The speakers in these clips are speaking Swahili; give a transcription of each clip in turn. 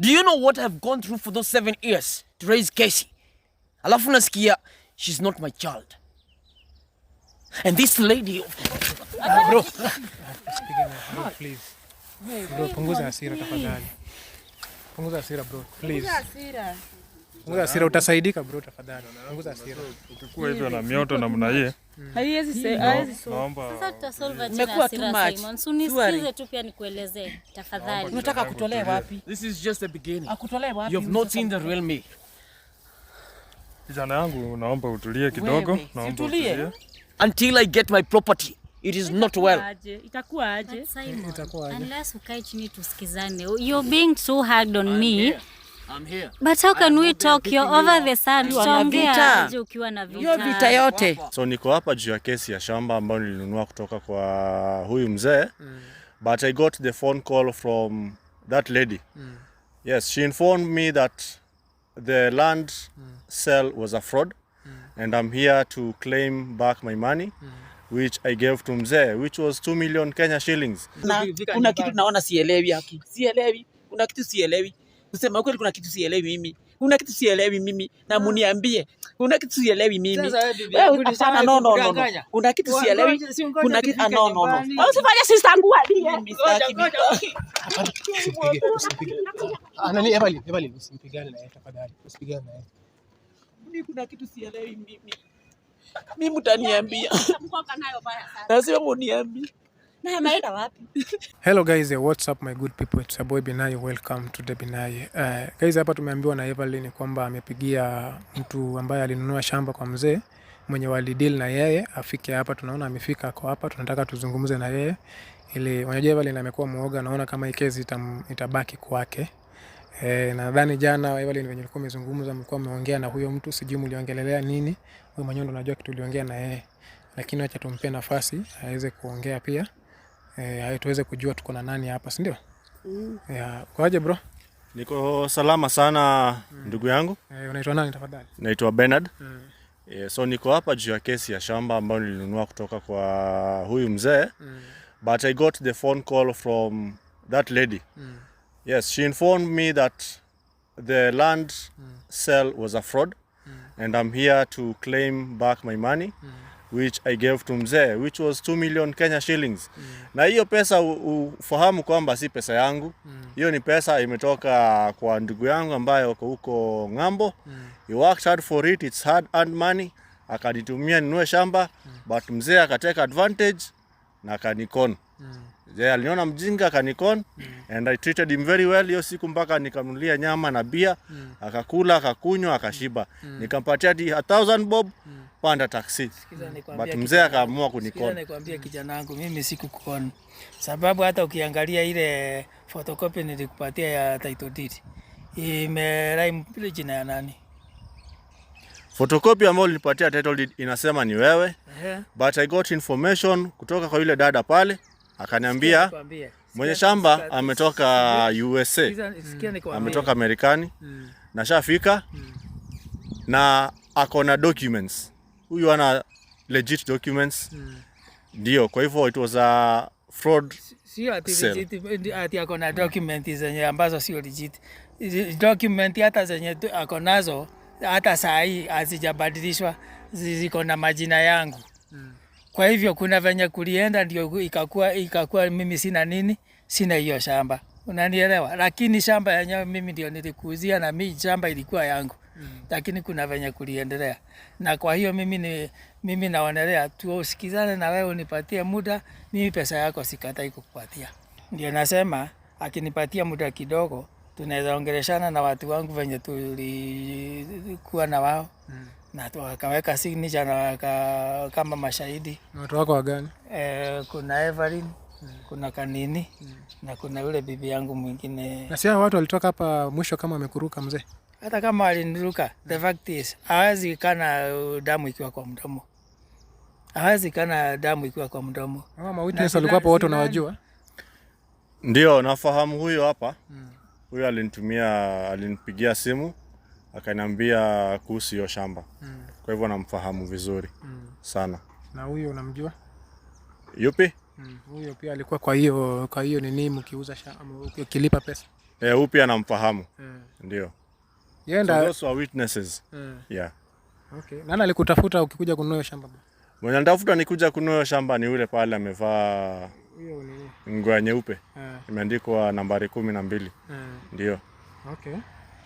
Do you know what I've gone through for those seven years to raise Casey? Alafu nasikia she's not my child. And this lady of... Ah, bro. Please. Bro, punguza asira tafadhali. Punguza asira, bro, please. Punguza asira. Punguza hasira, utasaidika bro, tafadhali punguza hasira. Ukikuwa hivyo na mioto namna hii hmm. haiwezi sasa, tutasolve tu pia nikuelezee tafadhali. Unataka kutolee wapi? This is just the beginning. Akutolee wapi? You've not seen the real me. Kijana yangu, naomba utulie kidogo, naomba utulie until I get my property. It is not well. Itakuwa aje? Itakuwa aje? Unless ukae chini tusikizane. You're being too hard on ah, me. But how can we talk? you over the sun. Tutaongea ukiwa na vita. Hiyo vita yote. So niko hapa juu ya kesi ya shamba ambayo nilinunua kutoka kwa huyu mzee. Mm. But I got the phone call from that lady. Mm. Yes, she informed me that the land mm. sale was a fraud mm. and I'm here to claim back my money. Mm. Which I gave to mzee which was 2 million Kenya shillings. Na, kuna kitu naona sielewi haki. Sielewi. Kuna kitu sielewi kusema kweli, kuna kitu sielewi mimi, kuna kitu sielewi mimi na muniambie, kuna kitu sielewi mimi. Hapana, no no no, kuna kitu sielewi, kuna kitu no no no, usifanye sister yangu anani, usipigane na tafadhali, usipigane na Mimi kuna kitu sielewi mimi, mimi mtaniambia, nasema muniambie na ameenda wapi? Hello guys, eh, what's up my good people? It's your boy Binai, welcome to the Binai. Uh, guys hapa tumeambiwa na Evelyn kwamba amepigia mtu ambaye alinunua shamba kwa mzee mwenye walideal na yeye afike hapa. Tunaona amefika kwa hapa, tunataka tuzungumze na yeye ili unajua, Evelyn amekuwa mwoga, naona kama hii kesi itabaki kwake. Eh, nadhani jana Evelyn venye ulikuwa umezungumza, mlikuwa mmeongea na huyo mtu, sijui mliongelelea nini. Huyo mwenyewe ndo unajua kitu uliongea na yeye, lakini acha tumpe nafasi aweze kuongea pia eh, tuweze kujua tuko na nani hapa, si ndio? Mm. Yeah, kwaje bro? Niko salama sana mm. Ndugu yangu eh, unaitwa nani tafadhali? Naitwa Bernard. Mm. Yeah, so niko hapa juu ya kesi ya shamba ambayo nilinunua kutoka kwa huyu mzee mm. But I got the phone call from that lady mm. Yes, she informed me that the land mm. sale was a fraud mm. and I'm here to claim back my money mm which I gave to mzee which was 2 million Kenya shillings mm. Na hiyo pesa ufahamu kwamba si pesa yangu mm. hiyo mm. Ni pesa imetoka kwa ndugu yangu ambaye wako huko ng'ambo mm. He worked hard for it, it's hard earned money, akanitumia ninue shamba mm. But mzee akateka advantage na akanikon mm. Mzee aliniona mjinga akanikon mm. And I treated him very well hiyo siku mpaka nikamnulia nyama na bia mm. Akakula akakunywa akashiba mm. Nikampatia 1000 bob mm panda taksi. But mzee akaamua kunikona. Nikwambia kijana wangu, mimi sikukukona sababu hata ukiangalia ile photocopy nilikupatia ya title deed imelaimu jina ya nani? Photocopy ambayo ulinipatia title deed inasema ni wewe. Uh -huh. But I got information kutoka kwa yule dada pale akaniambia mwenye shamba ametoka USA, mm. ametoka Marekani, mm. nashafika mm. na ako na documents huyu ana legit documents mm. Ndio, kwa hivyo it was a fraud. Sio ati legit, ati ako na document zenye ambazo sio legit. Document hata zenye ako nazo hata saa hii hazijabadilishwa, ziko na majina yangu hmm. Kwa hivyo kuna venye kulienda ndio ikakuwa, ikakuwa mimi sina nini, sina hiyo shamba unanielewa. Lakini shamba yenyewe mimi ndio nilikuuzia na mimi shamba ilikuwa yangu mm. Lakini kuna venye kuliendelea, na kwa hiyo mimi ni, mimi naonelea tusikizane na wewe unipatie muda, mimi pesa yako sikatai kukupatia. Ndio nasema akinipatia muda kidogo tunaweza ongeleshana na watu wangu venye tulikuwa na wao mm. na wakaweka signature na waka, kama mashahidi. Watu wako wa gani? Eh, kuna Evelyn kuna Kanini na kuna yule bibi yangu mwingine. Na si watu walitoka hapa mwisho kama amekuruka mzee? Hata kama aliniruka, the fact is hawezi kana damu ikiwa kwa mdomo, hawezi kana damu ikiwa kwa mdomo. Mama witness walikuwa hapo, wote unawajua? Ndio, nafahamu huyo hapa mm. Huyo alinitumia, alinipigia simu akaniambia kuhusu hiyo shamba hmm. Kwa hivyo namfahamu vizuri hmm. sana. Na huyo unamjua? Yupi? Mm, huyo pia alikuwa kwa hiyo kwa hiyo nini mkiuza ukilipa pesa. Eh, yeah, huyu pia anamfahamu. Mm. Ndio. Yenda so those are witnesses. Mm. Yeah. Okay. Nani alikutafuta ukikuja kununua shamba Mwenye ndafuta nikuja kununua shamba ni yule pale amevaa hiyo ni nguo nyeupe. Yeah. Mm. Imeandikwa nambari kumi na mbili. Mm. Ndio. Okay.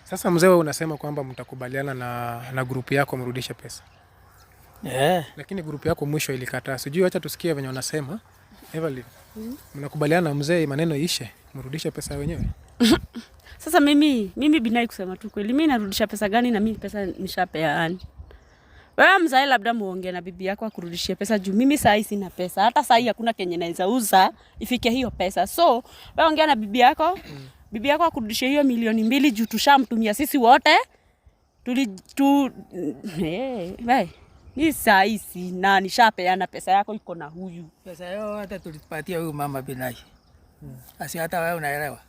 Sasa mzee, wewe unasema kwamba mtakubaliana na, na grupu yako mrudishe pesa. Yeah. Lakini grupu yako mwisho ilikataa. Sijui, acha tusikie venye wanasema. Evelyn, mm-hmm. mnakubaliana na mzee maneno ishe, mrudishe pesa wenyewe? Sasa mimi mimi Binai, kusema tu kweli, mimi narudisha pesa gani? Na mimi pesa nishapeana. Wewe mzae, labda muongee na bibi yako akurudishie pesa juu mimi saa hii sina pesa, hata saa hii hakuna kenye naweza uza ifike hiyo pesa. So wewe ongea na bibi yako mm. bibi yako akurudishie hiyo milioni mbili juu tushamtumia sisi wote tuli tu, hey, eh, hey ni saa hizi na nishapeana pesa yako iko na huyu. Pesa yao hata tulipatia huyu mama Binai. Hmm. Asi hata wewe unaelewa.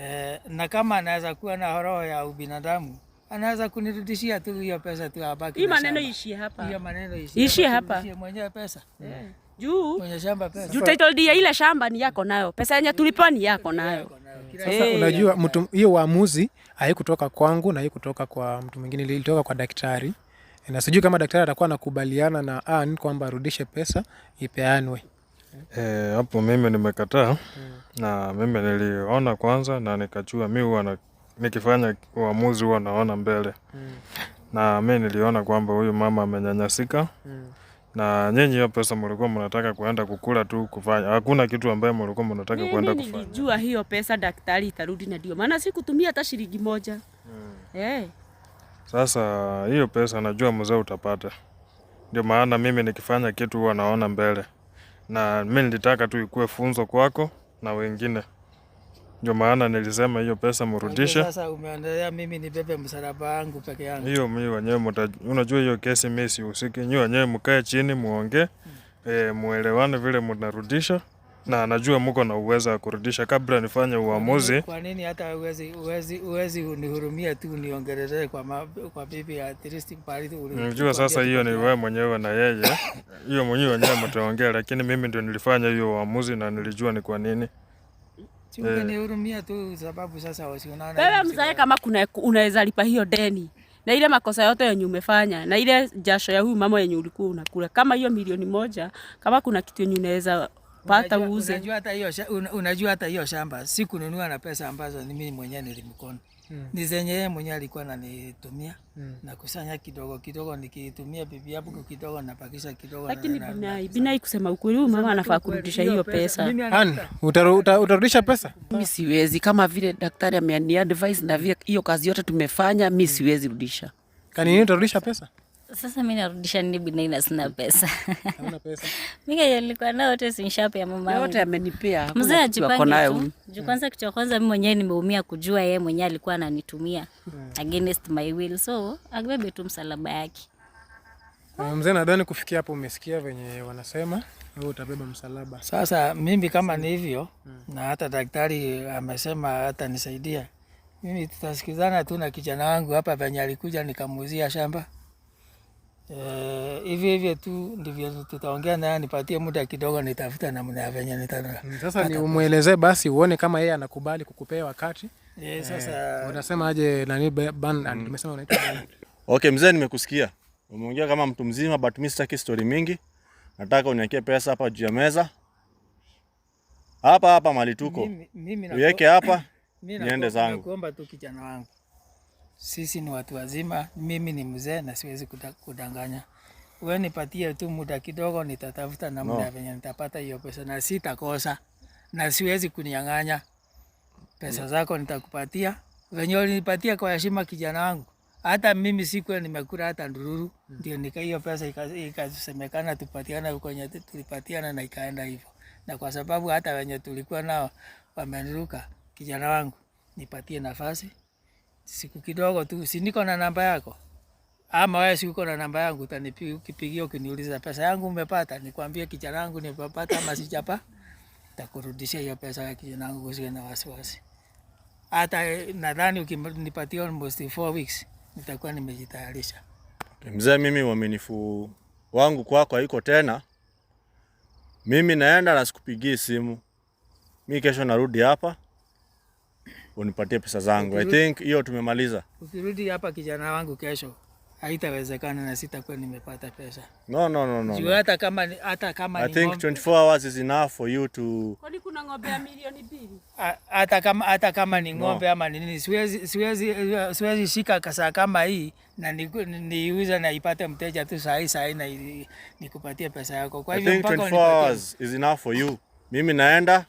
E, na kama anaweza kuwa na roho ya ubinadamu anaweza kunirudishia tu hiyo pesa tu abaki. Hii maneno ishie hapa. Hiyo maneno ishie. Ishie hapa. Ishie mwenyewe pesa. Yeah. Hmm. Juu. Mwenye shamba pesa. Juu title deed ile shamba ni yako nayo. Pesa yenye tulipewa ni yako nayo. Sasa hey, unajua mtu hiyo waamuzi haikutoka kwangu na haikutoka kwa mtu mwingine ilitoka kwa daktari. Na sijui kama daktari atakuwa anakubaliana na an kwamba arudishe pesa ipeanwe. Eh, hapo e, mimi nimekataa hmm. Na mimi niliona kwanza na nikachua, mi huwa nikifanya uamuzi huwa naona mbele hmm. Na mi niliona kwamba huyu mama amenyanyasika hmm. Na nyinyi hiyo pesa mlikuwa mnataka kuenda kukula tu kufanya, hakuna kitu ambaye mlikuwa mnataka kuenda kufanya. Nilijua hiyo pesa daktari itarudi, na ndio maana sikutumia hata shilingi moja hmm. hey. Eh. Sasa hiyo pesa najua mzee utapata, ndio maana mimi nikifanya kitu huwa naona mbele, na mi nilitaka tu ikuwe funzo kwako na wengine, ndio maana nilisema hiyo pesa murudishe. Sasa umeendelea mimi nibebe msalaba wangu peke yangu? Hiyo mimi wenyewe, unajua hiyo kesi mimi sihusiki, nyi wenyewe mkae chini muongee, hmm. E, muelewane vile mnarudisha na najua mko na uwezo wa kurudisha. Kabla nifanye uamuzi, kwa nini hata uwezi uwezi uwezi unihurumia tu niongelezee kwa ma, kwa bibi ya Tristi Paris? Unajua sasa hiyo ni wewe mwenyewe na yeye, hiyo mwenyewe wenyewe mtaongea, lakini mimi ndio nilifanya hiyo uamuzi na nilijua ni kwa nini unihurumia tu, sababu sasa wasionana. Wewe mzae, kama kuna unaweza lipa hiyo deni na ile makosa yote yenye umefanya na ile jasho ya huyu mama yenye ulikuwa unakula, kama hiyo milioni moja, kama kuna kitu yenye unaweza pata uuze. Unajua hata hiyo shamba sikununua na pesa ambazo mimi mwenyewe nilimkono Hmm. Ni zenye yeye mwenyewe alikuwa ananitumia hmm. na kusanya kidogo kidogo, nikitumia bibi hapo kidogo na pakisha kidogo. Lakini Binai, Binai, kusema ukweli, huyu mama anafaa kurudisha hiyo pesa. Utarudisha pesa? Mimi siwezi, kama vile daktari ameniadvise na vile hiyo kazi yote tumefanya, mimi hmm. siwezi rudisha. Kanini utarudisha pesa? Sasa mi narudisha nini Binaina? Sina mm. pesa. mika yalikuwa nao yote, si ya mama yote, amenipea mzee. Ajipange tu juu mm. kwanza, kitu cha kwanza mimi mwenyewe nimeumia kujua yeye mwenyewe alikuwa ananitumia mm. against my will, so agbebe tu msalaba yake eh, mzee. Nadhani kufikia hapo umesikia venye wanasema wewe utabeba msalaba. Sasa mimi kama ni hivyo na hata daktari amesema hata nisaidia mimi, tutasikizana tu na kijana wangu hapa venye alikuja nikamuuzia shamba hivyo eh, e, hivyo tu ndivyo tutaongea naye, nipatie muda kidogo, nitafuta namna ya venye nitana mm, sasa, ni umwelezee basi, uone kama yeye anakubali kukupea wakati e, sasa unasema aje nani ban mm. Nimesema unaitwa Okay mzee, nimekusikia umeongea kama mtu mzima, but mimi sitaki story mingi, nataka uniwekee pesa hapa juu ya meza hapa hapa mali tuko, uweke hapa niende zangu. Nakuomba tu kijana wangu sisi ni watu wazima, mimi ni mzee na siwezi kudanganya. Wewe nipatie tu muda kidogo, nitatafuta namna no. venye nitapata hiyo pesa na sitakosa, na siwezi kunyang'anya pesa mm. zako, nitakupatia venye ulinipatia kwa heshima, kijana wangu. Hata mimi sikuwa nimekula hata ndururu, mm. ndio nika hiyo pesa ikasemekana ika tupatiana kwenye tulipatiana, na ikaenda hivyo. Na kwa sababu hata wenye tulikuwa nao wameniruka, kijana wangu, nipatie nafasi siku kidogo tu, si niko na namba yako ama wewe si uko na namba yangu? Utanipigia, ukipigia, ukiniuliza pesa yangu umepata, nikwambie kijana wangu nimepata ama sijapa, takurudishia hiyo pesa ya kijana wangu, usiwe na wasiwasi. Hata nadhani ukinipatia almost 4 weeks nitakuwa nimejitayarisha. Mzee, mimi uaminifu wangu kwako haiko tena. Mimi naenda na sikupigii simu, mi kesho narudi hapa unipatie pesa zangu. I think hiyo tumemaliza. Ukirudi hapa kijana wangu kesho haitawezekana na sitakuwa nimepata pesa. No, no, no, no. Juu hata kama hata kama I think 24 hours is enough for you to Kwani kuna ng'ombe ya milioni mbili? Hata kama hata kama ni ng'ombe ama ni nini, siwezi siwezi siwezi shika kasa kama hii na niuza na ipate mteja tu saa hii saa hii na nikupatie pesa yako. Kwa hivyo mpaka 24 hours is enough for you. Mimi naenda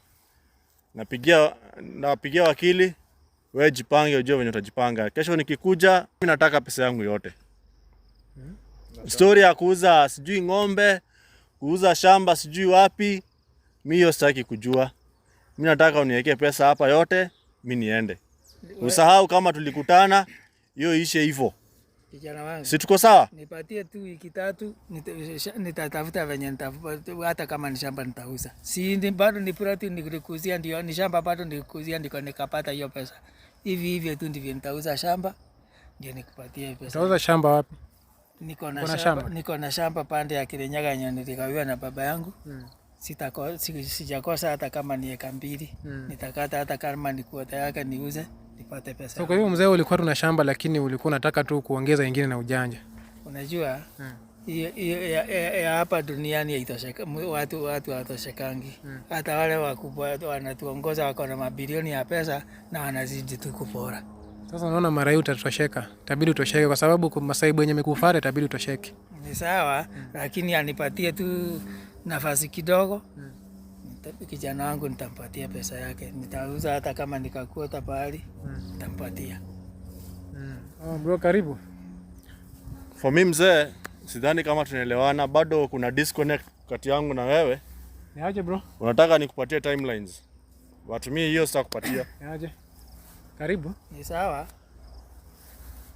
napigia nawapigia wakili, wewe jipange, ujue venye utajipanga. Kesho nikikuja, mimi nataka pesa yangu yote. Hmm. Stori ya kuuza sijui ng'ombe, kuuza shamba sijui wapi, mi hiyo sitaki kujua. Mi nataka uniwekee pesa hapa yote, mi niende. Usahau kama tulikutana, hiyo ishe hivyo. Kijana wangu. Si tuko sawa? Nipatie tu wiki tatu nitatafuta venye nitafuta hata kama ni shamba nitauza. Si ndi bado ni ploti nilikuzia ndio ni shamba bado nilikuzia ndiko nikapata hiyo pesa. Hivi hivyo tu ndivyo nitauza shamba ndio nikupatie pesa. Utauza shamba wapi? Niko na shamba, shamba. Niko na shamba pande ya Kirinyaga nyo nilikawiwa na baba yangu. Hmm. Sitakosa sijakosa hata kama ni eka mbili. Hmm. Nitakata hata kama ni kuota yake niuze nipate pesa. So, kwa hiyo mzee, ulikuwa tuna shamba lakini ulikuwa unataka tu kuongeza ingine na ujanja. Unajua hmm. hapa duniani haitosheka, watu watu hawatoshekangi hmm. hata hmm. Wale wakubwa wanatuongoza wako na mabilioni ya pesa na wanazidi tu kupora. Sasa unaona mara hii utatosheka, itabidi utosheke kwa sababu masaibu yenye mikufare, itabidi utosheke. Ni sawa hmm. Lakini anipatie tu nafasi kidogo hmm kijana wangu nitampatia pesa yake, nitauza hata kama nikakuota pahali hmm. nitampatia. mm. Oh, bro karibu. For me mzee, sidhani kama tunaelewana, bado kuna disconnect kati yangu na wewe. Niaje bro? Unataka nikupatie timelines, but mimi hiyo sitakupatia. Niaje? Karibu. Ni sawa.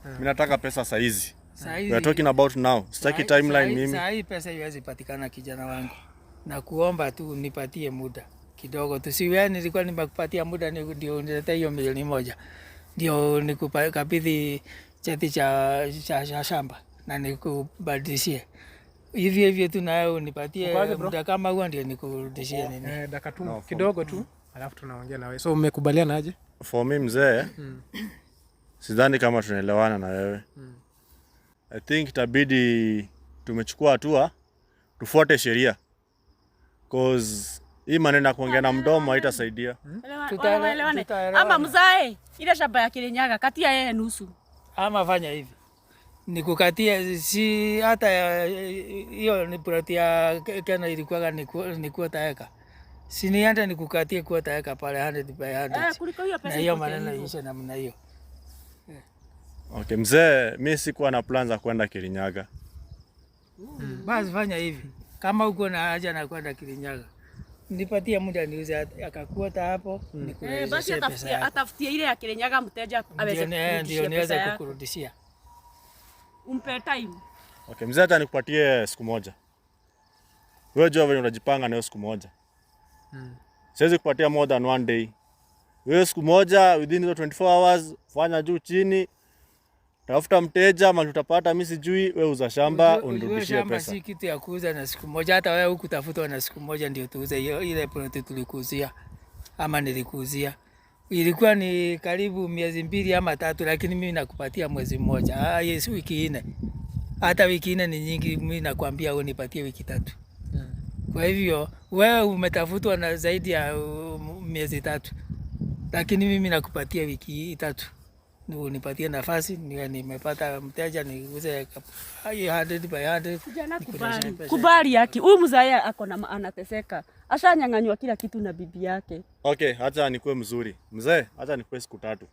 Mimi hmm. nataka pesa saizi. Saizi. We are talking about now. Sitaki timeline mimi. Saizi pesa haiwezi patikana kijana wangu na kuomba tu nipatie muda kidogo tu, si wewe nilikuwa nimekupatia muda ndio uniletea hiyo milioni moja, ndio nikukabidhi cheti cha, cha, cha shamba na nikubadilishie hivyo hivyo tu, nawe unipatie muda kama huo ndio nikurudishie oh, nini. Eh, dakika tu kidogo tu mm. alafu tunaongea na wewe. So umekubaliana aje? For me mzee, mm. sidhani kama tunaelewana na wewe mm. I think itabidi tumechukua hatua tufuate sheria cause hii maneno ya kuongea na mdomo haitasaidia hmm? ama mzae ile shamba ya Kirinyaga katia yeye nusu, ama fanya hivi nikukatia si hata hiyo ni plot ya Kena ilikuwa ni kuota eka si ni hata nikukatie kuota eka pale 100 by 100 eh, na hiyo maneno ishe namna hiyo. Eh. Okay, mzee, mimi sikuwa na plan za kwenda Kirinyaga. Hmm. Basi fanya hivi kama uko na haja na kwenda Kirinyaga nipatie muda niuze akakuota hapo mm. Eh, basi atafutia, atafutia ile ya Kirinyaga mteja aweze ndio niweze kukurudishia. Umpe time. Okay, mzee hata nikupatie siku moja. Wewe jua vile unajipanga nayo siku moja. Mm. Siwezi kupatia more than one day. Wewe siku moja within the 24 hours fanya juu chini tafuta mteja mali utapata, mimi sijui, we uza shamba unirudishie pesa. Si kitu ya kuuza na siku moja, hata wewe huku tafuta na siku moja ndio tuuze hiyo ile plot tulikuuzia, ama nilikuuzia ilikuwa ni karibu miezi mbili ama tatu, lakini mimi nakupatia mwezi mmoja. Ah, yes, wiki nne, hata wiki nne ni nyingi. Mimi nakwambia unipatie wiki tatu. Kwa hivyo wewe umetafutwa na zaidi ya um, miezi tatu, lakini mimi nakupatia wiki tatu unipatie nafasi niwe nimepata mteja niuze kubali, yake huyu mzaya ako na anateseka, ashanyang'anywa kila kitu na bibi yake. Okay, acha nikuwe mzuri mzee, acha nikuwe siku tatu.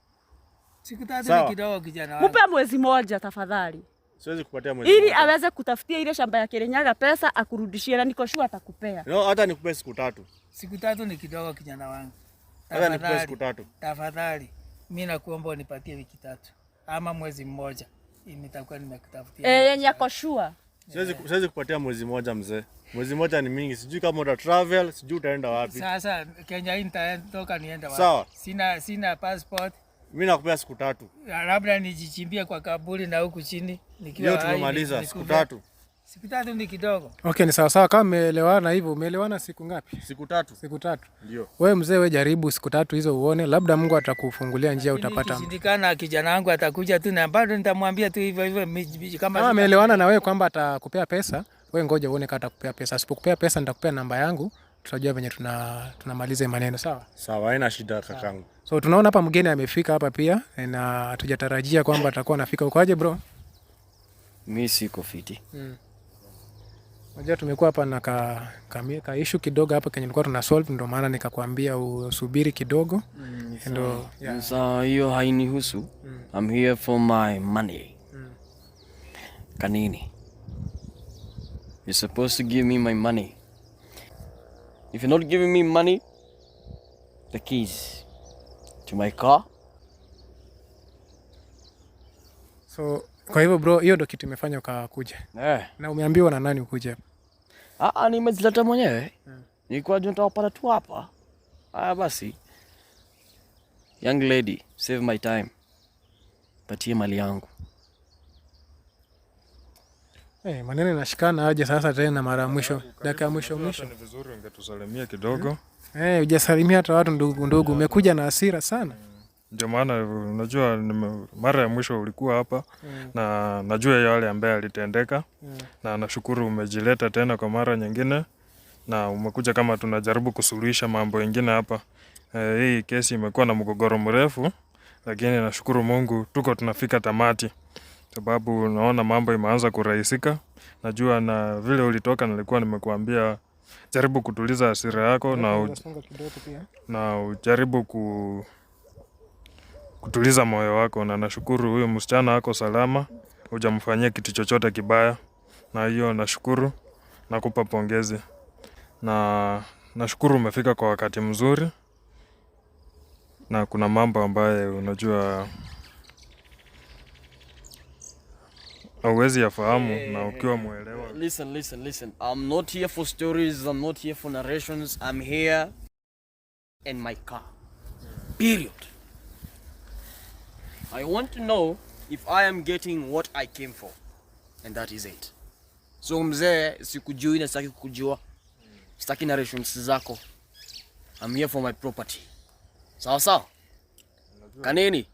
Siku tatu ni kidogo kijana wangu, mupe mwezi moja tafadhali. Siwezi kupatia mwezi ili mwaka, aweze kutafutia ile shamba ya Kirinyaga pesa akurudishie, na niko sure atakupea. No, hata nikupe siku tatu. Siku tatu ni kidogo kijana wangu, hata nikupe siku tatu tafadhali mi nakuomba unipatie wiki tatu ama mwezi mmoja, nitakuwa nimekutafutia eh, yenye yako shua. Siwezi kupatia mwezi mmoja mzee, mwezi mmoja ni mingi. Sijui kama uta travel, sijui utaenda wapi. Sasa Kenya hii nitatoka niende wapi? Sawa. Sina, sina passport. Mi nakupea siku tatu, labda nijichimbie kwa kaburi na huku chini nikiwa hai. Tumemaliza siku tatu. Siku tatu ni kidogo. Okay, ni sawa sawa. Kama umeelewana hivyo, umeelewana siku ngapi? Siku tatu. Siku tatu. Ndio. Wewe mzee, wewe jaribu siku tatu hizo uone, labda Mungu atakufungulia njia utapata. Ikishindikana kijana wangu atakuja tu na bado nitamwambia tu hivyo hivyo kama kama umeelewana na wewe kwamba atakupea pesa, wewe ngoja uone kama atakupea pesa. Asipokupea pesa nitakupea namba yangu. Tutajua venye tuna tunamaliza maneno sawa? Sawa, haina shida kakangu. So tunaona hapa mgeni amefika hapa pia na hatujatarajia kwamba atakuwa anafika. Ukoaje bro? Mimi siko fiti. Mm. Unajua tumekuwa hapa na ka, ka, ka issue kidogo hapa kenye nilikuwa tuna solve, ndio maana nikakwambia usubiri kidogo. Mm, so, yeah. so, hiyo hainihusu. Mm. I'm here for my money. Mm. Kanini? You're supposed to give me my money. If you're not giving me money, the keys to my car. So kwa hivyo bro, hiyo ndio kitu imefanya ukakuja. Eh. Na umeambiwa na nani ukuje? hapa? Ah, ah, nimezileta mwenyewe hmm. Nilikuwa nitawapata tu hapa. Haya basi, young lady, save my time, patie mali yangu. Hey, eh, maneno inashikana aje sasa tena mara ya mwisho, dakika ya mwisho mwisho. Ni vizuri ungetusalimia kidogo. Eh, hujasalimia hata watu ndugu ndugu, umekuja na hasira sana. Hmm. Ndio maana unajua mara ya mwisho ulikuwa hapa mm. na najua yale ambaye alitendeka mm. na nashukuru umejileta tena kwa mara nyingine na umekuja kama tunajaribu kusuluhisha mambo mengine hapa. E, hii kesi imekuwa na mgogoro mrefu, lakini nashukuru Mungu tuko tunafika tamati, sababu naona mambo imeanza kurahisika. Najua na vile ulitoka, nilikuwa nimekuambia jaribu kutuliza hasira yako na, u... na ujaribu ku kutuliza moyo wako, na nashukuru huyu msichana wako salama, hujamfanyia kitu chochote kibaya, na hiyo nashukuru, nakupa pongezi na nashukuru umefika kwa wakati mzuri, na kuna mambo ambayo unajua hauwezi yafahamu hey, eh, na ukiwa mwelewa. Listen, listen, listen. I'm not here for stories, I'm not here for narrations. I'm here in my car. Period. I want to know if I am getting what I came for and that is it. So mzee, sikujui na sitaki kukujua, sitaki narrations zako. I'm here for my property. Sawa sawa. Kanini?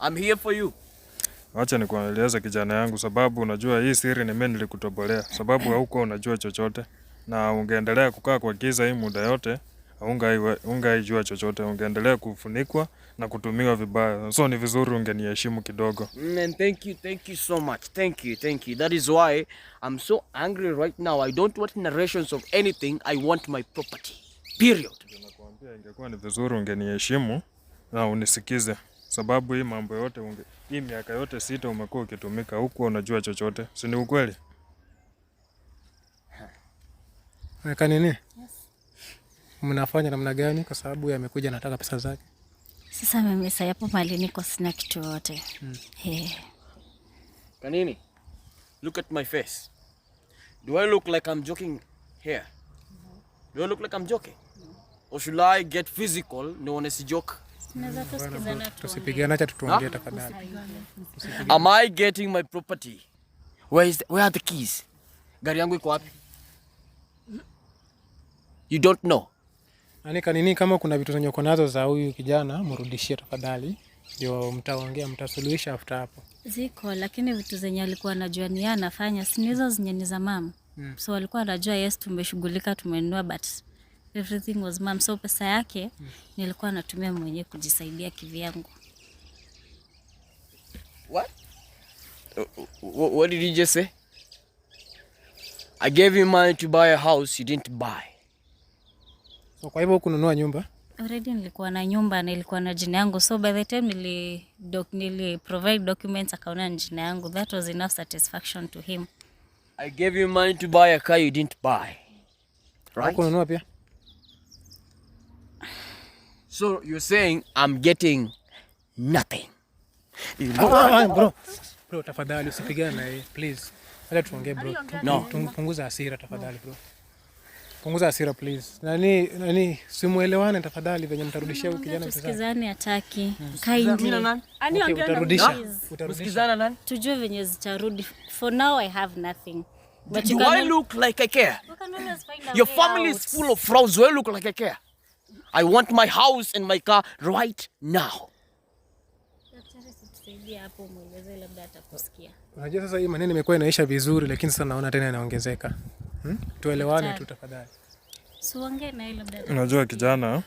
I'm here for you. Wacha nikueleze kijana yangu, sababu unajua hii siri ni mimi nilikutobolea, sababu hauko unajua chochote, na ungeendelea kukaa kwa giza hii muda yote ungaijua chochote, ungeendelea kufunikwa na kutumiwa vibaya. So ni vizuri ungeniheshimu kidogo. Man, thank you, thank you so much. Thank you, thank you. That is why I'm so angry right now. I don't want narrations of anything. I want my property. Period. Nakwambia ingekuwa ni vizuri ungeniheshimu na unisikize sababu hii mambo yote unge, hii miaka yote sita umekuwa ukitumika huku unajua chochote, si ni ukweli? Weka nini mnafanya namna gani? Kwa sababu yamekuja nataka pesa zake. Sasa mimi sasa hapo mali niko sina kitu yote. Hmm. Kanini? Look at my face. Do I look like I'm joking here? Do I look like I'm joking? Or should I get physical? No one is joke. Hmm. Tusipigane, acha tutuongee tafadhali. Am I getting my property? Where is the, where are the keys? Gari yangu iko wapi? You don't know. Anika nini, kama kuna vitu zenye uko nazo za huyu kijana mrudishie tafadhali, ndio mtaongea, mtasuluhisha after hapo. Ziko lakini vitu zenye alikuwa anajua ni anafanya, si hizo zenye ni za mama mm. So alikuwa anajua yes, tumeshughulika tumenunua, but everything was mom. So pesa yake mm. nilikuwa natumia mwenyewe kujisaidia kivyangu. What? Uh, uh, what did you just say? I gave him money to buy a house you didn't buy. So kwa hivyo kununua nyumba already nilikuwa na nyumba na ilikuwa na jina yangu, so by the time nili, doc, nili provide documents akaona ni jina yangu. That was enough satisfaction to him. I gave you money to buy a car you didn't buy. Right? Kununua pia. So you're saying I'm getting nothing. You know? Ah, bro. Bro, tafadhali usipigane na yeye, please. Hata tuongee bro. No. Tupunguze hasira tafadhali bro punguza hasira please. Nani nani, simuelewane tafadhali, venye mtarudishia huyu kijana. Tusikizane ataki. Hmm. Kindly. Ani na Utarudisha nani? Tujue venye zitarudi. For now I have nothing. But you I look like I care? Your family is full of frauds. You look like I care? I want my house and my car right now. Unajua sasa hii maneno imekuwa inaisha vizuri, lakini sasa naona tena inaongezeka hmm? Tuelewane tu tafadhali. Unajua kijana,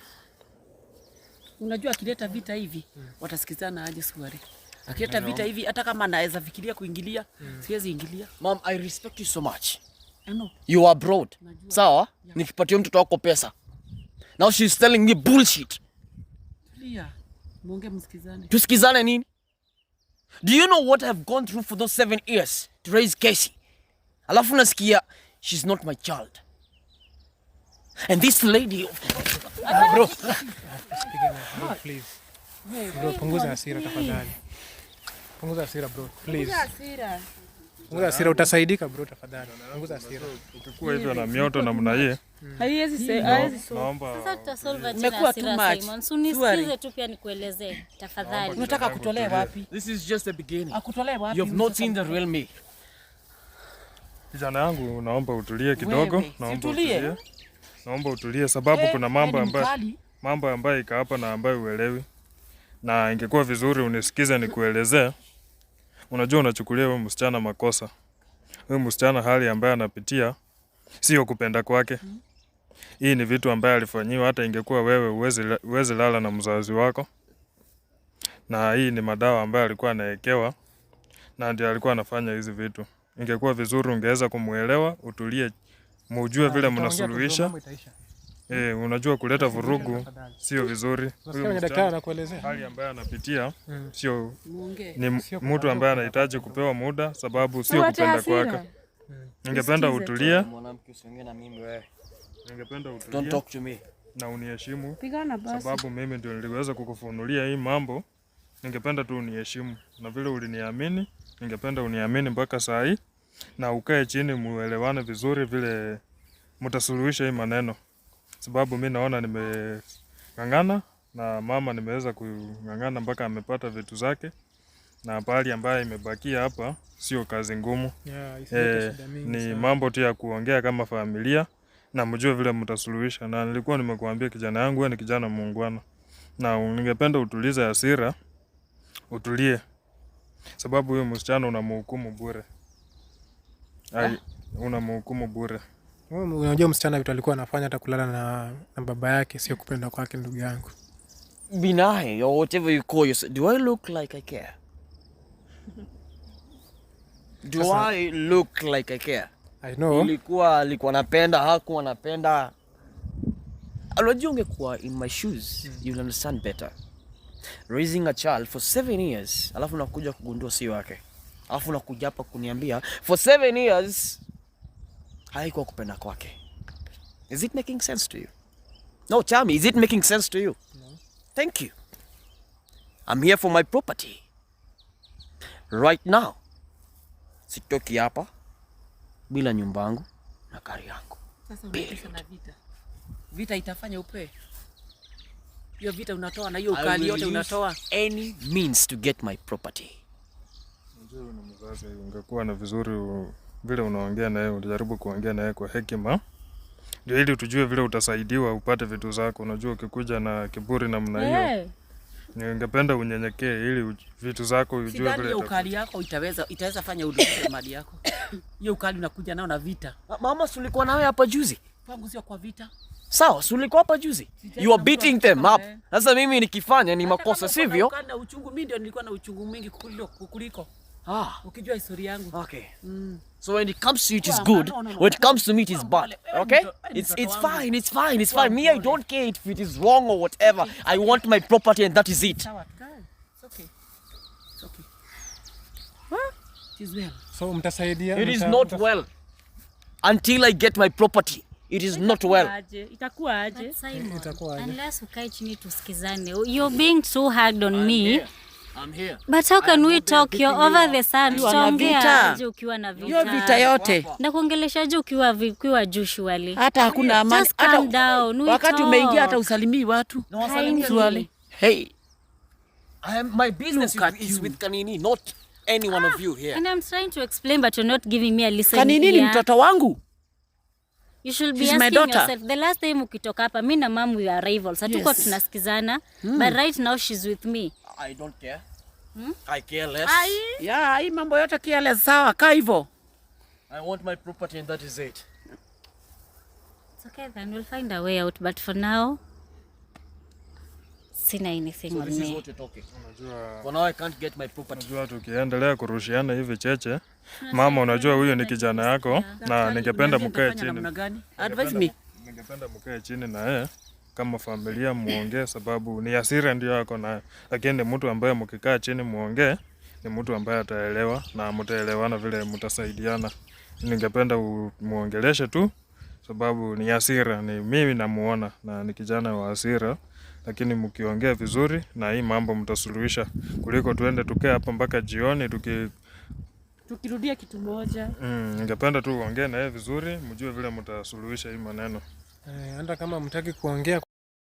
unajua akileta vita hivi hmm. Watasikizana aje Swari? Hmm. Akileta vita hivi hata kama anaweza fikiria kuingilia hmm. Siwezi ingilia. Mom, I respect you so much. I know. You are broad. Sawa? Yeah. Nikipatia mtoto wako pesa. Now she's telling me bullshit. Tulia. Muongee msikizane. Tusikizane nini? Do you know what I've gone through for those seven years to raise Casey? Alafu nasikia She's not my child. And this lady of... Ah, bro. Bro, please. Bro, please. bro, please. utasaidika bro please. Hmm. Haiwezi sasa, tutasolve tu pia nikuelezee tafadhali. Unataka wapi? This is just the beginning. Akutolewa wapi? not seen the real me. Kijana yangu, naomba utulie kidogo, naomba utulie, naomba utulie sababu kuna mambo ambayo mambo ambayo iko hapa na ambayo uelewi, na ingekuwa vizuri unisikize nikuelezee. Unajua, unachukulia huyu msichana makosa. Huyu msichana hali ambayo anapitia sio kupenda kwake. Hii ni vitu ambayo alifanyiwa, hata ingekuwa wewe uwezi, uwezi lala na mzazi wako, na hii ni madawa ambayo alikuwa anawekewa na ndio alikuwa anafanya hizi vitu ingekuwa vizuri ungeweza kumuelewa, utulie, mujue vile mnasuluhisha. E, unajua kuleta vurugu sio vizuri. Huyo hali ambayo anapitia mm. sio ni mtu ambaye anahitaji kupewa muda, sababu sio kupenda kwake. Mm. Ningependa utulie, ningependa utulie na uniheshimu, sababu mimi ndio niliweza kukufunulia hii mambo. Ningependa tu uniheshimu na vile uliniamini ningependa uniamini mpaka saa hii na ukae chini muelewane vizuri, vile mtasuluhisha hii maneno, sababu mi naona nimeng'ang'ana na mama nimeweza kung'ang'ana mpaka amepata vitu zake, na pahali ambayo imebakia hapa sio kazi ngumu yeah, e, ni mambo tu ya kuongea kama familia na mjue vile mtasuluhisha. Na nilikuwa nimekuambia kijana yangu, wewe ni kijana muungwana, na ningependa utulize hasira, utulie Sababu huyo msichana unamhukumu bure. Ai, eh? unamhukumu bure. Unajua msichana vitu alikuwa anafanya hata kulala na, na baba yake sio kupenda kwake ndugu yangu. Be nice or whatever you call yourself. Do I look like I care? Do Asa, I look like I care? I know. Ilikuwa alikuwa anapenda, haku anapenda. Unajua ungekuwa in my shoes, you'll understand better raising a child for seven years, alafu nakuja kugundua sio yake, alafu nakuja hapa kuniambia for seven years haikuwa kupenda kwake. Is it making sense to you? No, tell me, is it making sense to you? No. Thank you. I'm here for my property right now. Sitoki hapa bila nyumba yangu na gari yangu. Sasa vita itafanya upee hiyo vita unatoa na hiyo ukali yote unatoa any means to get my property. Mzazi ungekuwa na vizuri vile unaongea naye, utajaribu kuongea naye kwa hekima ndio ili tujue vile utasaidiwa upate vitu zako. Unajua, ukikuja na kiburi namna hiyo yeah. Ningependa unyenyekee ili vitu zako ujue vile ukali yako itaweza itaweza fanya udukue mali yako. Hiyo ukali unakuja nao na vita. Mama, sulikuwa nawe hapo juzi. Kwangu sio kwa vita. Sawa, si ulikuwa hapa juzi. You are beating them up. Eh. Sasa mimi nikifanya ni makosa, sivyo? Na uchungu mimi ndio nilikuwa na uchungu mwingi kuliko. Ah. Ukijua historia yangu. Okay. Mm. So when it comes to you, it is good. When it comes to me it is bad. Okay? It's it's fine. It's fine. It's fine. Me I don't care if it is wrong or whatever. I want my property and that is it. It's okay. It's okay. It is well. So mtasaidia. It is not well until I get my property. It is not well. Itakuwa aje? Itakuwa aje? Unless ukae chini tusikizane. You're being too hard on me. I'm here. But how can we talk? You're over the sun. Tutaongea aje ukiwa na vita? Hiyo vita yote. Na kuongeleshaje ukiwa ukiwa juu shwali? Hata hakuna amani. Just calm down. We talk. Wakati umeingia hata usalimii watu. No, wasalimii swali. Hey. I am my business is with Kanini, not any one of ah, you here. And I'm trying to explain but you're not giving me a listen. Kanini ni mtoto wangu. You should be She's asking yourself. The last time ukitoka hapa mi na mom we are rivals. Hatuko yes. Tunasikizana. Mm. But right now she's with me. I don't care. Hmm? I care less. I... Yeah, hii mambo yote care less sawa, kaa hivyo. I want my property and that is it. It's okay then, we'll find a way out, but for now sina anything so on me. Unajua tukiendelea kurushiana hivi cheche, hmm. mama, unajua huyo ni kijana yako na ningependa mkae chini, Advise me. ningependa mkae chini na yeye kama familia muongee, sababu ni hasira ndio yako na, lakini ni mtu ambaye mkikaa chini muongee, ni mtu ambaye ataelewa na mtaelewana vile mtasaidiana. Ningependa muongeleshe tu, sababu ni hasira, ni mimi namuona na ni kijana wa hasira lakini mkiongea vizuri na hii mambo mtasuluhisha, kuliko tuende tukae hapa mpaka jioni tuki tukirudia kitu moja. Mm, ningependa tu uongee na yeye vizuri, mjue vile mtasuluhisha hii maneno eh, hata kama mtaki kuongea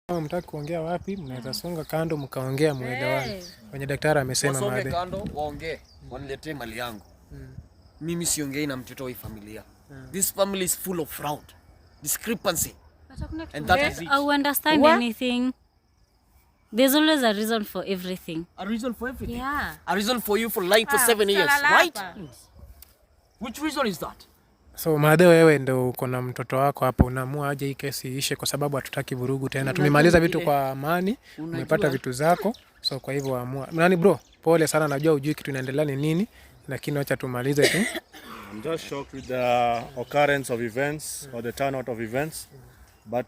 kama mtaki kuongea wapi, mnaweza songa kando mkaongea mwelewane. Hey. Eh. Kwenye daktari amesema made kando waongee, waniletee mali yangu. Mm. Mimi siongei na mtoto wa familia. Mm. This family is full of fraud, discrepancy. And that is it. I understand anything. There's always a reason for everything. A reason for everything? Yeah. A reason for you for life for ah, seven years, right? Which reason is that? So maadhe, wewe ndo uko na mtoto wako hapa, unaamua aje hii kesi ishe kwa sababu hatutaki vurugu tena. Tumemaliza vitu kwa amani, umepata vitu zako, so kwa hivyo amua. Nani bro, pole sana, najua ujui kitu inaendelea ni nini, lakini wacha tumalize tu. I'm just shocked with the occurrence of events or the turnout of events but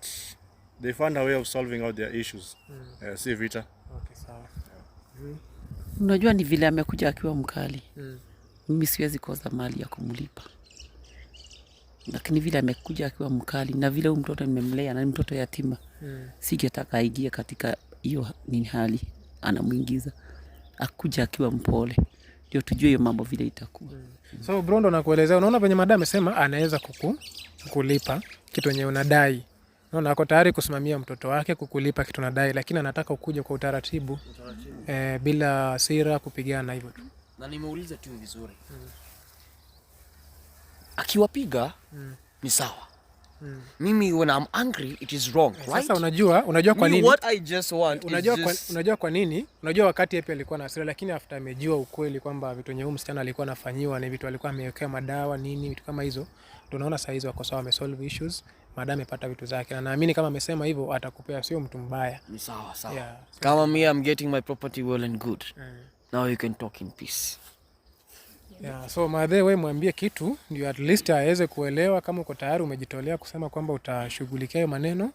they found a way of solving out their issues mm. Uh, si vita. Okay, yeah. Mm. Unajua ni vile amekuja akiwa mkali mm. Mimi siwezi kosa mali ya kumlipa, lakini vile amekuja akiwa mkali na vile huyu mtoto nimemlea na mtoto yatima mm. Singetaka aingie katika hiyo ni hali anamwingiza, akuja akiwa mpole ndio tujue hiyo mambo vile itakuwa. mm. So Brondo, nakuelezea, unaona venye madam amesema anaweza kukulipa kulipa kitu yenye unadai No, na ako tayari kusimamia mtoto wake kukulipa kitu nadai, lakini anataka ukuje kwa utaratibu, utaratibu. E, bila sira kupigana hivyo tu. Na nimeuliza tu vizuri mm. Akiwapiga mm. ni sawa mm. Mimi when I'm angry it is wrong, eh, right? Sasa unajua, unajua kwa nini? What I just want unajua, is kwa, just... unajua kwa nini? Unajua wakati yeye alikuwa na hasira, lakini after amejua ukweli kwamba vitu nyeumu msichana alikuwa anafanyiwa na vitu alikuwa amewekea madawa nini vitu kama hizo, tunaona saa hizo wako sawa, wamesolve issues maadamu amepata vitu zake, na naamini kama amesema hivyo atakupea, sio mtu mbaya. Ni sawa sawa. Yeah, so kama mimi I'm getting my property well and good. Mm. Now you can talk in peace. Yeah, so madhe, we mwambie kitu ndio at least aweze kuelewa, kama uko tayari umejitolea kusema kwamba utashughulikia hiyo maneno,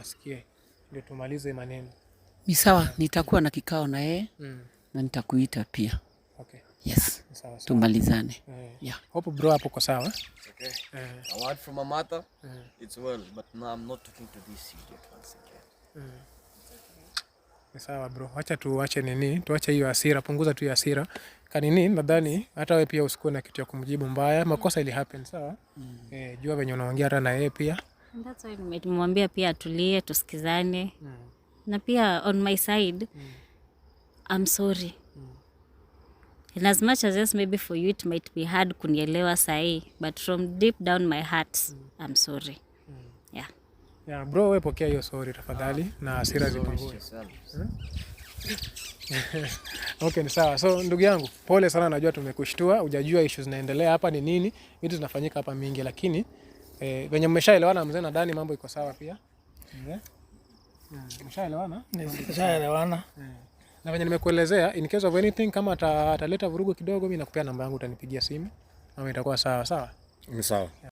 asikie ndio tumalize maneno. Ni sawa, nitakuwa na kikao na yeye mm. na nitakuita pia Yes. Sawa, tumalizane. Eh. Yeah. Hope bro hapo kwa sawa. Okay. Uh, I want from Amata. Uh, it's well, but now I'm not talking to this idiot once again. Uh, eh. okay. Sawa bro, wacha tuache nini, tuache hiyo hasira, punguza tu hiyo hasira kanini. Nadhani hata wewe pia usikuwe na kitu ya kumjibu mbaya, makosa ili happen, sawa mm. Eh, jua venye unaongea hata na yeye pia, that's why nimemwambia pia atulie, tusikizane mm. na pia on my side mm. I'm sorry Mm. And as much as yes, maybe for you it might be hard kunielewa sahi, but from deep down my heart, I'm sorry. Yeah. Yeah, bro, wewe pokea hiyo sorry tafadhali na hasira zipungue. Hmm? Okay, ni sawa. So ndugu yangu, pole sana, najua tumekushtua, hujajua issues zinaendelea hapa ni nini, vitu zinafanyika hapa mingi, lakini eh, wenye mmeshaelewana mzee, nadhani mambo iko sawa pia. Eh? Hmm, mmeshaelewana? Mmeshaelewana. Hmm na venye nimekuelezea, in case of anything, kama ataleta vurugu kidogo, mi nakupea namba yangu, utanipigia simu ama itakuwa sawa sawa. Ni sawa.